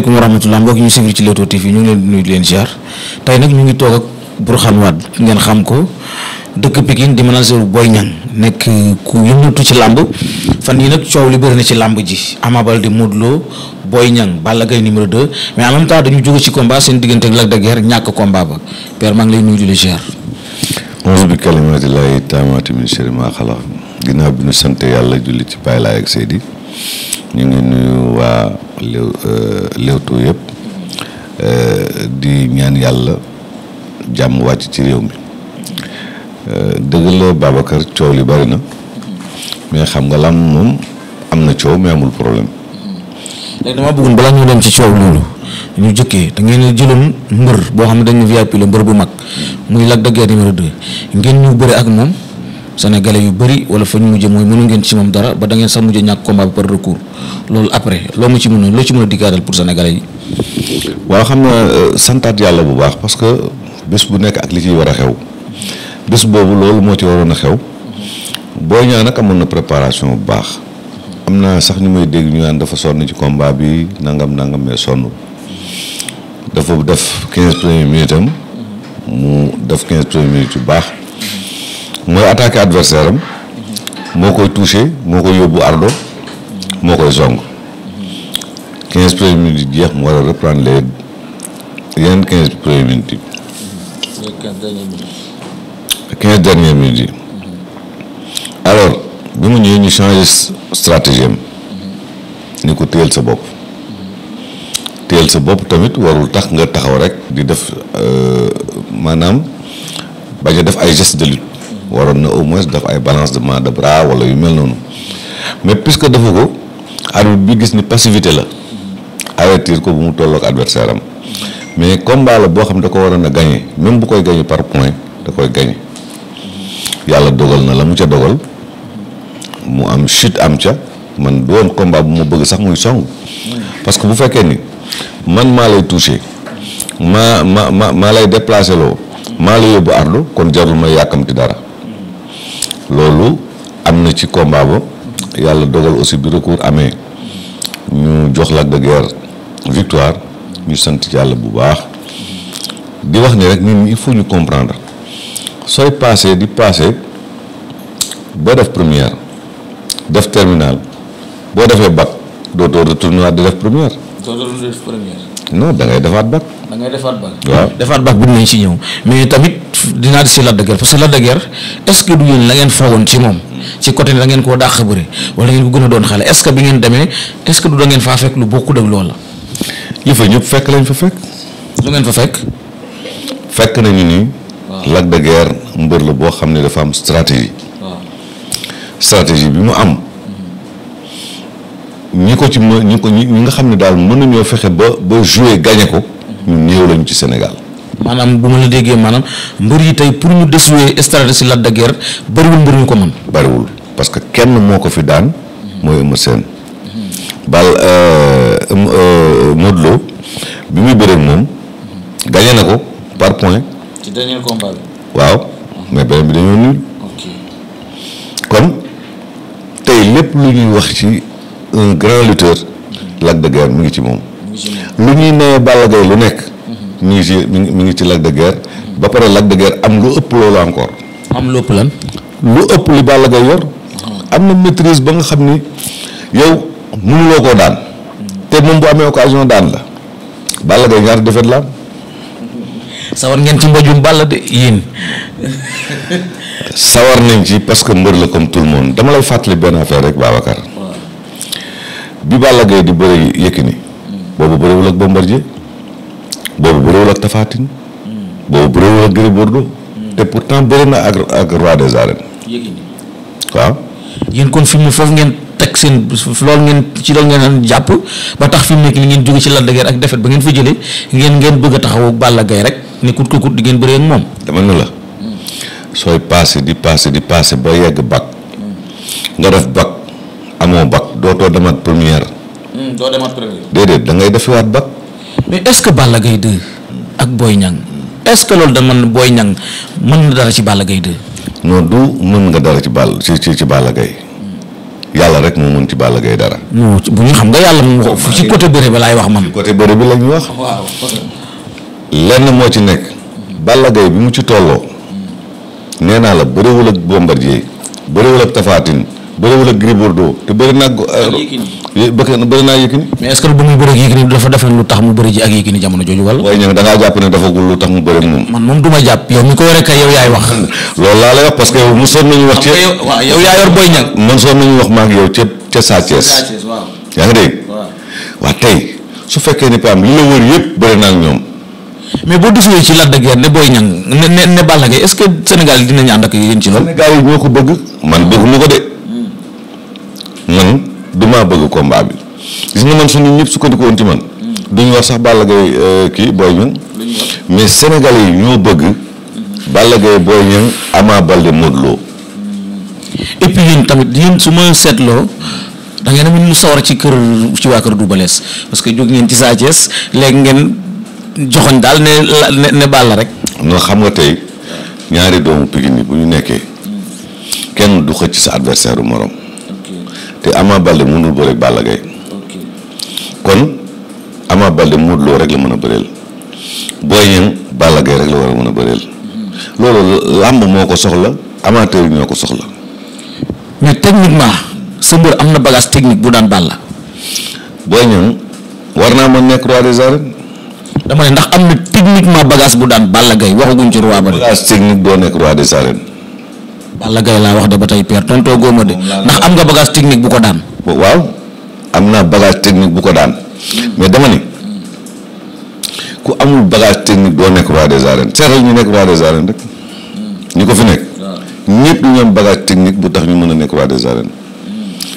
asalaamaaleykum wa rahmatulah mbokk ñu suivre ci Leewtoo TV ñu ngi leen di nuyu di leen ziar tey nag ñu ngi toog ak Bourkhane Wade ngeen xam ko dëkk Pikine di manager Boy Niang nekk ku yëngatu ci làmb fan yi nag coow li bëri na ci làmb ji Ama Baldé Modou Lô Boy Niang Balla Gaye numéro 2 mais en même temps dañu jóge ci combat seen diggante ak Lac de Guiers ñàkk combat ba père maa ngi lay nuyu di la ziar. auzu bi kalimaatillaahi taammaati min sharri maa xalaq ginnaaw bi ñu sant yàlla julli ci ñu ngi nuyu waa Lew euh, Leewtoo yëpp euh, di ñaan yàlla jàmm wàcc ci réew mi euh, dëgg la Babacar coow li bari na mais xam nga lam moom am na coow mais amul problème. léegi damaa bëggoon balaa ñu dem ci coow loolu ñu jëkkee da ngeen jëloon mbër boo xam ne dañu VIP la mbër bu mag muy Lac de Guiers numéro 2 ngeen ñu bëre ak moom. sénégalais yu bëri wala fa ñu mujjee mooy mënu ngeen ci moom dara ba da ngeen sax mujjee ñàkk combat bi par recours loolu après loo mu ci mën a loo ci mën a diggaatal pour sénégalais yi. waa xam na euh, santaat yàlla bu baax parce que bés bu nekk ak li ci war a xew bés boobu loolu moo ci waroon a xew booy ñaan nag amoon na préparation bu baax am na sax ñu may dégg ñu naan dafa sonn ci combat bi nangam nangam mais sonn dafa def quinze premières minutes am mu def quinze premières minutes yu baax. mooy attaque adversaire am moo koy touché moo koy yóbbu ardo moo koy song quinze premières minutes yi jeex mu war a reprendre les yeneen quinze premières minutes yi quinze dernières alors bi mu ñëwee ñu changé stratégie ni ko téyel sa bopp téyel sa bopp tamit warul tax nga taxaw rek di def euh, maanaam bañ a def ay gestes de waroon na au moins def ay balancement de bras wala yu mel noonu mais puisque dafa ko arbitre bi gis ni passivité la avertir ko bu mu tolloog adversaire am mais combat boo xam ne da ko waroon na gagné même bu koy gagné par point da koy gagné yàlla dogal na la mu ca dogal mu am chute am ca man doon combat bu mu bëgg sax muy song parce que bu fekkee ni man maa lay touché maa ma ma maa lay déplacé loo maa la yóbbu ardu kon jarul ma yàkkamti dara loolu am na ci combat ba yàlla dogal aussi bi recours amee ñu jox Lac de Guiers victoire ñu sant yàlla bu baax di wax ni rek nit ñi il ñu comprendre sooy passé di passé boo def première def terminal boo defee bac dootoo retourné waat di def première. dootoo def da ngay defaat bac. da ngay defaat bac. waaw defaat bac bu nañ ci ñëw mais tamit. dinaa di si Lac de Guiers parce que Lac de Guiers est-ce que du yéen la ngeen foogoon ci moom ci côté da ngeen koo dàq bëri wala ngeen ko gën a doon xale est-ce que bi ngeen demee est-ce que du da ngeen faa fekk lu bokkul ak loola. ñu fa ñëpp fekk lañ fa fekk. lu ngeen fa fekk. fekk nañu ni. waaw Lac de Guiers mbër la boo xam ne dafa am stratégie. stratégie bi mu am. ñi ko ci ma ñi ko ñi nga xam ne daal mën nañoo fexe ba ba jouer gagné ko. ñu néew lañu ci Sénégal. maanaam bu ma la déggee maanaam mbër yi tey pour ñu désuwee si Lac de Guiers bëriwul mbër ñu ko mën. bëriwul parce que kenn moo ko fi daan. mooy Eumeu Sène. bal euh, euh, Modou Lo bi muy bëreeg moom. gagné na ko par point. ci waaw mais beneen bi dañoo nul. ok kon tey lépp lu ñuy wax ci un grand lutteur. Lac de Guiers mu ngi ci moom. lu ñuy nee Balla Gaye lu nekk. mi ngi ci mu ngi ci Lac de ba pare Lac de am lu ëpp loolu encore. am lu ëpp lan. ëpp li Balla Gaye yor. Ah. am na maîtrise ba nga xam ni yow mënuloo koo daan. te moom bu amee occasion daan la. Balla Gaye ñaari defet la am. sawar ngeen ci mbojum Balla de yéen. sawar nañ ci parce que mbër la comme tout le monde dama lay fàttali benn affaire rek Babacar. bi Balla Gaye di bëri Yékini. boobu bëriwul ak Bombardier. boobu bëriwul ak Tapha Tine boobu bëriwul ak Gris Bordeaux te pourtant bëri na ak ak roi de arènes waaw yéen kon fi mu foofu ngeen teg seen loolu ngeen ci loolu ngeen jàpp ba tax fi mu nekk ni ngeen jóge ci Lac de ak defet ba ngeen fa jëlee ngeen ngeen bëgg a taxawu Balla Gaye rek ne kut ko kut di ngeen bëree ak moom dama ne la sooy passé di passé di passé ba yegg bac nga def bac amoo bac dootoo demaat première hmm, doo demaat première déedéet da ngay defiwaat bac mais est-ce que Balla Gaye ak Boy ñan est-ce que loolu da man Boy Niang mën na dara si Balla gay 2. non du mën nga dara ci Balla si ci ci Balla Gaye yàlla rek moo mën ci Balla Gaye dara. non bu ñu xam nga yàlla mu wax ci côté bëre bi laay wax man. côté bëre bi la ñuy wax. waaw lenn moo ci nekk. Balla gay bi mu ci tolloo. nee naa la bëriwul ak Bombardier bëriwul ak Tapha Tine bëriwul ak Gris Bordeaux te bëri naa. ak eh, bëri naa Yékini. mais est-ce que bu muy bëri ak Yékini dafa defe lu tax mu bëri ji ak Yékini jamono jooju wala. waaye ñoom da ma jàpp ci yow su fekkee ne PAM li la wër yëpp bëri naa ak ñoom. boo de Guiers ne Boy Niang ne ne ne Balla Gaye est-ce que Sénégal dinañ ànd ak yéen ci loolu. Sénégal yi ñoo ko bëgg man bëgguñu ko de damaa bëgg combat gis nga man suñu ñëpp ci man duñu wax sax Balla euh, kii Boy Niang mais Sénégalais yi ñoo bëgg Balla Gaye Boy Niang Ama Baldé Modou su ma seetloo da ngeen am lu ci kër ci waa kër Double Less parce que jóg ngeen ci Sa Thiès léegi ngeen joxoñ daal ne ne rek nga xam nga tey ñaari doomu Pikine bu ñu nekkee kenn du xëcc sa adversaire u te Ama Baldé mënul bëre ak Balla Gaye kon Ama Baldé Modou Lo rek la mën a bëreel Boy Niang Balla Gaye rek la war a mën a bëreel loolu làmb moo ko soxla amateur yi ñoo ko soxla mais techniquement sa mbër am na bagage technique bu daan Balla Boy Niang war naa mën nekk roi des arènes dama ndax am na techniquement bagage bu daan Balla Gaye waxaguñ ci roi ba bagage technique doo nekk roi des arènes Balla Gaye laa wax de ba tey père tontoo góoma de ndax am nga bagage technique bu ko daan waaw am naa bagage technique bu ko daan mais dama ni ku amul bagage technique doo nekk roi des arènes seetal ñu nekk roi des arènes rek ñu ko fi nekk ñëpp ñu am bagage technique bu tax ñu mën a nekk roi des arènes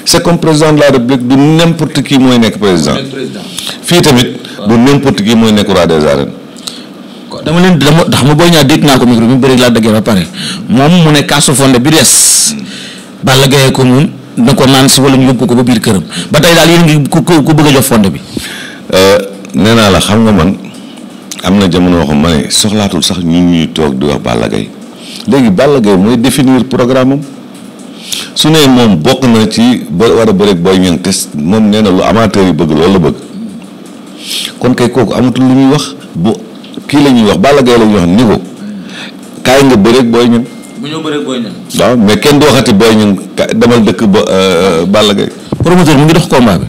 c'est comme président laa la république du n'importe qui mooy nekk président fii tamit du n'importe qui mooy nekk roi des arènes dama leen dama ndax ma booy ñaar dégg naa ko micro bi bëri laa dëggee ba pare moom mu ne kaasu fonde bi des Balla Gaye ko moom na ko naan si wala ñu yóbbu ko ba biir këram ba tey daal yéen ngi ku ku bëgg a jox fonde bi. Euh, nee naa la xam nga man am na jamono xam ma soxlaatul sax ñun toog di wax Balla Gaye léegi Balla programme su ne moom ci ba war a bëreeg moom nee na lu amateur yi bëgg loolu la bëgg kon kay kooku amatul lu muy wax kii la ñuy wax Balla Gaye la ñuy wax niveau kaay nga bëreeg booy ñun. booy ñun. waaw mais kenn du waxati booy ñun demal dëkk ba euh, Balla Gaye. promoteur mu ngi dox combat bi.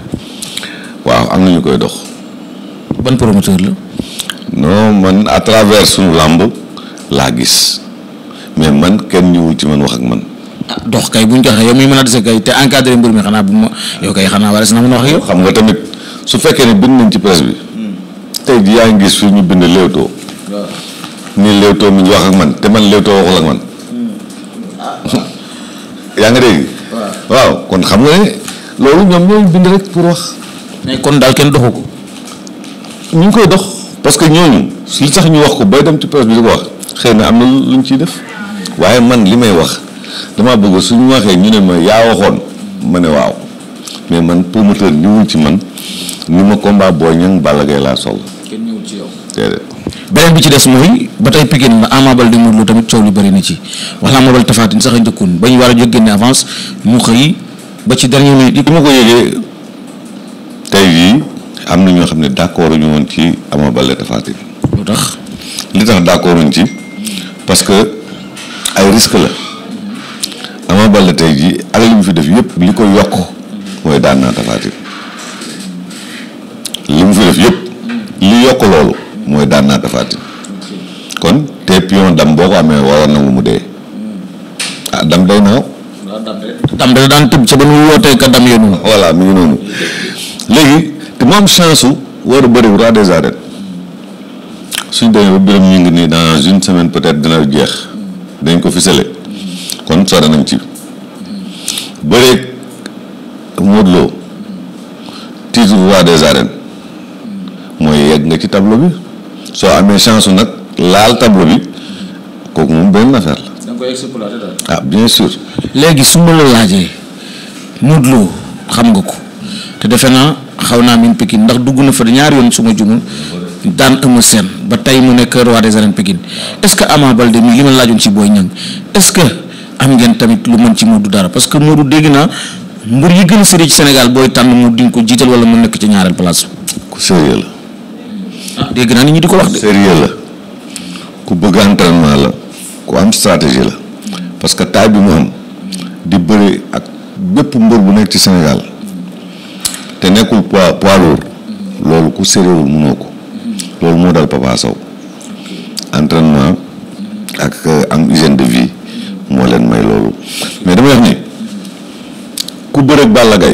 waaw am na ñu koy dox. ban promoteur la. non man à travers suñu làmb laa gis mais man kenn ñëwul ci man wax ak man. ah dox kay bu ñu joxee yow mi mën a dese kay te xanaa bu a xam nga tamit su fekkee ne bind nañ ci presse bi. tey yaa ngi gis fi ñu bind Leewtoo nii Leewtoo mi ngi wax ak man te man Leewtoo waxul ak man hmm. yaa nga dégg waaw kon xam nga ne loolu ñoom ñooy bind rek pour wax mais kon daal kenn doxu ko ñu ngi koy dox parce que ñooñu li sax ñu wax ko bay dem ci presse bi di ko na am na luñ ciy def waaye man li may wax damaa bëgg suñu waxee ñu ne ma yaa waxoon ma ne waaw mais man promoteur ñëwul ci man ni ma combat Boy Niang Balla Gaye laa soxla ci yow. beneen bi ci des mooy ba tey Pikine ba Ama Baldé Modou Lô tamit coow li bëri na ci wala Ama Baldé Tapha Tine sax a njëkkoon ba ñu war a jóg génne avance mu xëy ba ci dernier minute. bi ma ko yëgee tey jii am na ñoo xam ne d'accord ñu woon ci Ama Baldé Tapha Tine. tax li tax d'accord ñu ci parce que ay risque la Ama Baldé tey jii alal li mu fi def yëpp li ko yokk mooy daan naa li mu fi def yëpp. yokk loolu mooy daan naa tafaatin kon te pion dam boo ko amee waroon na mu mu dee ah dam day naaw dam da daan tëb sa ba nu wootee ka dam yooyu voilà mu ngi noonu léegi te moom chance su war a bëri roi des arènes suñ demee ba biram ñu ngi nii dans une semaine peut-être dina jeex dañ ko ficelé kon sore nañ ci bëreeg Modou Lo titre roi des arènes yegg nga ci tableau bi soo amee chance nag laal tableau bi kooku moom benn affaire la. ah bien sûr. léegi su ma la laajee Modou Lo xam nga ko te defe naa xaw naa min Pikine ndax dugg na fa ñaari yoon suma ma jumul daan Eumeu Sène ba tey mu nekk roi des arènes Pikine est-ce que Ama Baldé mi li ma laajoon ci Boy Niang est-ce que am ngeen tamit lu mën ci du dara parce que Modou dégg naa mbir yi gën a sori ci Sénégal booy tànn mu di ko jiital wala mu nekk ci ñaareel place. Ah, dégg naa ni ñu di ko wax de. la ku bëgg entraînement la ku am stratégie la parce que taay bi mu am di bëri ak bépp mbër bu nekk ci Sénégal te nekkul pois poids loolu ku sérieuxul mënoo ko loolu moo dal Papa Sow entraînement ak euh, am hygiène de vie moo leen may loolu mais dama wax ni ku bëreeg Balla la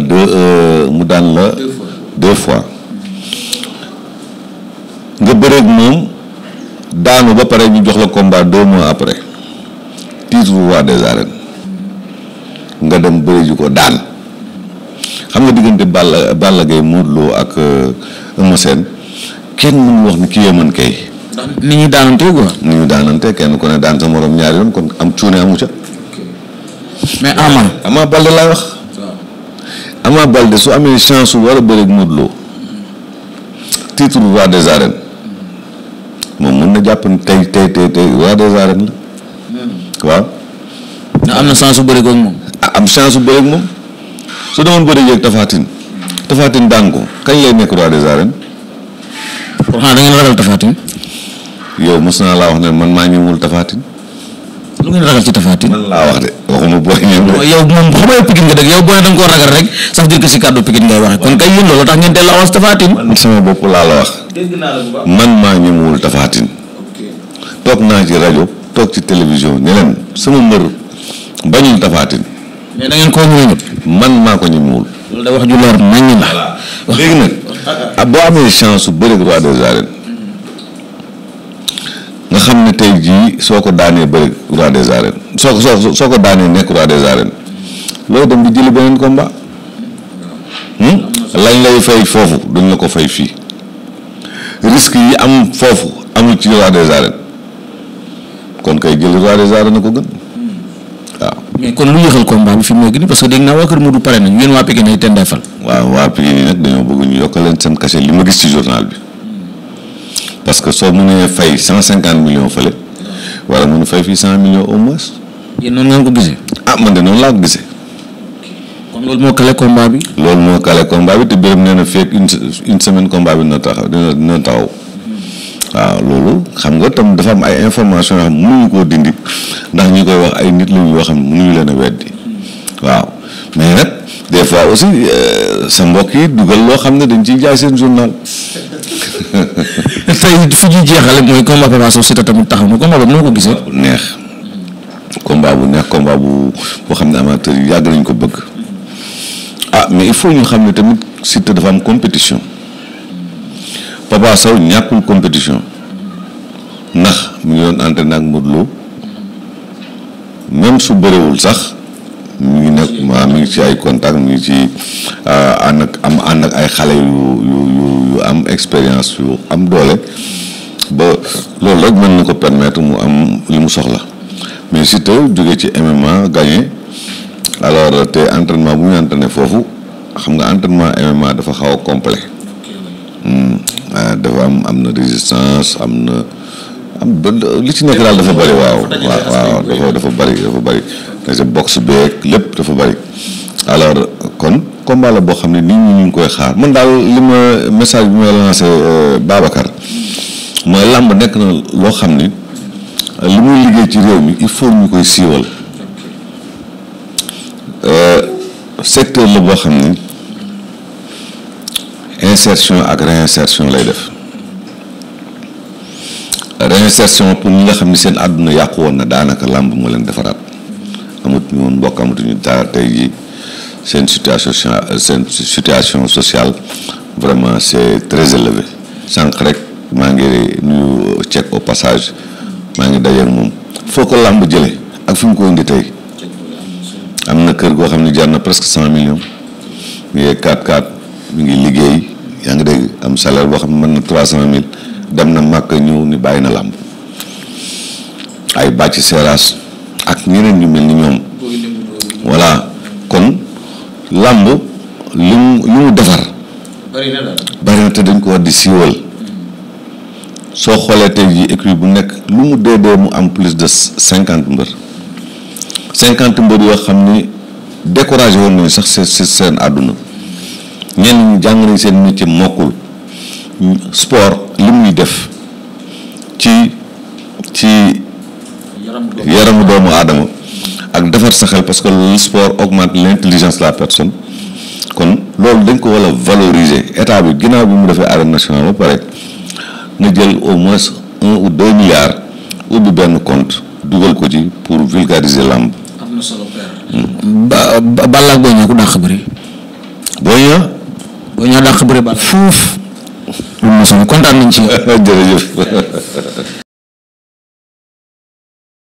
deux euh, mu daan la deux fois. loolu ba pare ñu jox la combat deux mois après titre roi des arènes nga dem bëri ji ko daan xam nga diggante Balla Balla Gaye Modou Lo ak euh, Eumeu Sène kenn mënu wax ni ki yee mën kay. ni ñu daanante quoi. ni ñu daanante kenn ku ne daan sa morom ñaari yoon kon am cuune amu ca. mais Ama. Ama Balde laa wax. Ama Balde su amee chance su war a bëri ak Modou Lo titre roi des arènes. na jàpp ne tey tey tey tey des arènes la waaw. ndax am na chance su bëri ak moom. Ah, am chance su bëri ak moom su demoon bëri yéeg Tafatine daan ko kañ lay nekk roi des arènes. kon xanaa da ngeen ragal man maa ñëwul Tafatine. lu ngeen ci Tafatine. man laa wax de waxuma booy ñëw. nga Pikine nga dëgg yow boo ragal rek sax dire que si kàddu Pikine ngay waxe kon kay yéen loolu tax ngeen la avance Tafatine. sama bopp laa la wax. man maa ñëwul Tafatine. toog naa ci rajo toog ci télévision ne sama mbër bañul tafaatin. mais da man maa ko ñëwul. loolu wax ju leer naññ la. léegi ah, boo amee chance su bëri roi des arènes nga xam ne tey jii soo ko daanee bëri roi des arènes soo soo soo ko daanee nekk roi des arènes loolu dem di jëli beneen combat. Hmm? lañ lay fay foofu duñ la ko fay fii risque yi am foofu amul ci roi des arènes. kon kay jël zaare zaare na ko gën waaw. mais kon lu yéexal combat bi fi mu nekk nii parce que dégg naa waa Kër Modou pare nañ yéen waa Pikine ay ten day fal. waaw waa Pikine nag dañoo bëgg ñu yokk leen seen cachet li bi que soo mënee fay cent cinquante millions fële wala mënu fay fii cent millions au moins. yéen noonu ngeen ko gisee. ah man de noonu laa ko loolu moo kale combat loolu moo kale combat bi te béréb na fekk une dina taxaw dina dina taxaw. waaw loolu xam nga tam dafa am ay information mu xam mënuñu dindi ndax ñu koy wax ay nit lañu yoo xam ne mënuñu leen a weddi waaw mais nag des fois aussi euh, sa mbokk yi dugal loo xam ne dañ ci jaay seen journal. tey fi ñuy jeexale mooy combat Papa Sow Siteu tamit taxaw na ko boobu noo ko gisee. neex combat bu neex combat bu boo xam ne amateur yi yàgg nañ ko bëgg ah il faut ñu xam ne tamit Siteu dafa am compétition. Papa Sow ñàkkul compétition ndax mu ngi doon entraîné ak Modou Lo même su bërewul sax mu ngi nekk ma mi ngi ci ay contact mu ngi ci euh, ànd ak am ànd ak ay xale yu yu yu am expérience yu am doole ba loolu rek mën na ko permettre mu am li mu soxla mais si te jógee ci MMA gagné alors te entraînement bu ñu entraîné foofu xam nga entraînement MMA dafa xaw a complet hmm. ah dafa am am na résistance am na li ci nekk daal dafa bari waaw waaw dafa bari bëri dafa bëri parce que box beeg lépp dafa bëri alors kon combat la boo xam ne nit ñi ñu ngi koy xaar man daal li ma message bi ma lancé euh, Babacar mooy làmb nekk na loo xam ni euh, li muy liggéey ci réew mi il faut ñu koy siiwal secteur la boo xam ni insertion ak réinsertion lay def réinsertion pour ñi nga xam ni seen àdduna yàqu woon na daanaka làmb moo leen defaraat amatuñu woon mbokk amatuñu dara tey jii seen situation euh, seen situation sociale vraiment c'est très élevé sànq rek maa ngi nuyu ceeg au passage maa ngi dajeeg moom foo ko làmb jële ak fi mu ko indi tey am na kër goo xam ne jar na presque cent millions mu ngi 4 4 ngi liggéey yaa ngi dégg am salaire boo xam ne mën na trois cent mille dem na màkk ñu ni bàyyi na làmb ay bàcc seeraas ak ñeneen ñu mel ni ñoom voilà kon làmb li mu defar bari te dañ ko war di siiwal soo xoolee tey jii écurie bu nekk lu mu dee dee mu am plus de cinquante mbër cinquante mbër yoo xam ni découragé woon nañu sax seen seen àdduna ñenn ñi jàng nañ seen métier mokkul sport li muy def ci ci yaramu doomu aadama ak defar sa xel parce que le sport augmente l'intelligence de la personne kon loolu dañ ko war valoriser état bi ginnaaw bi mu defee arène nationale ba pare na jël au moins un ou deux milliards ubbi benn compte dugal ko ci pour vulgariser làmb am na hmm. ba Balla Boy Niang ku dàq bëri. Boy Niang boo ñëw dàq bëri bal fuuf. am na solo kontaan nañ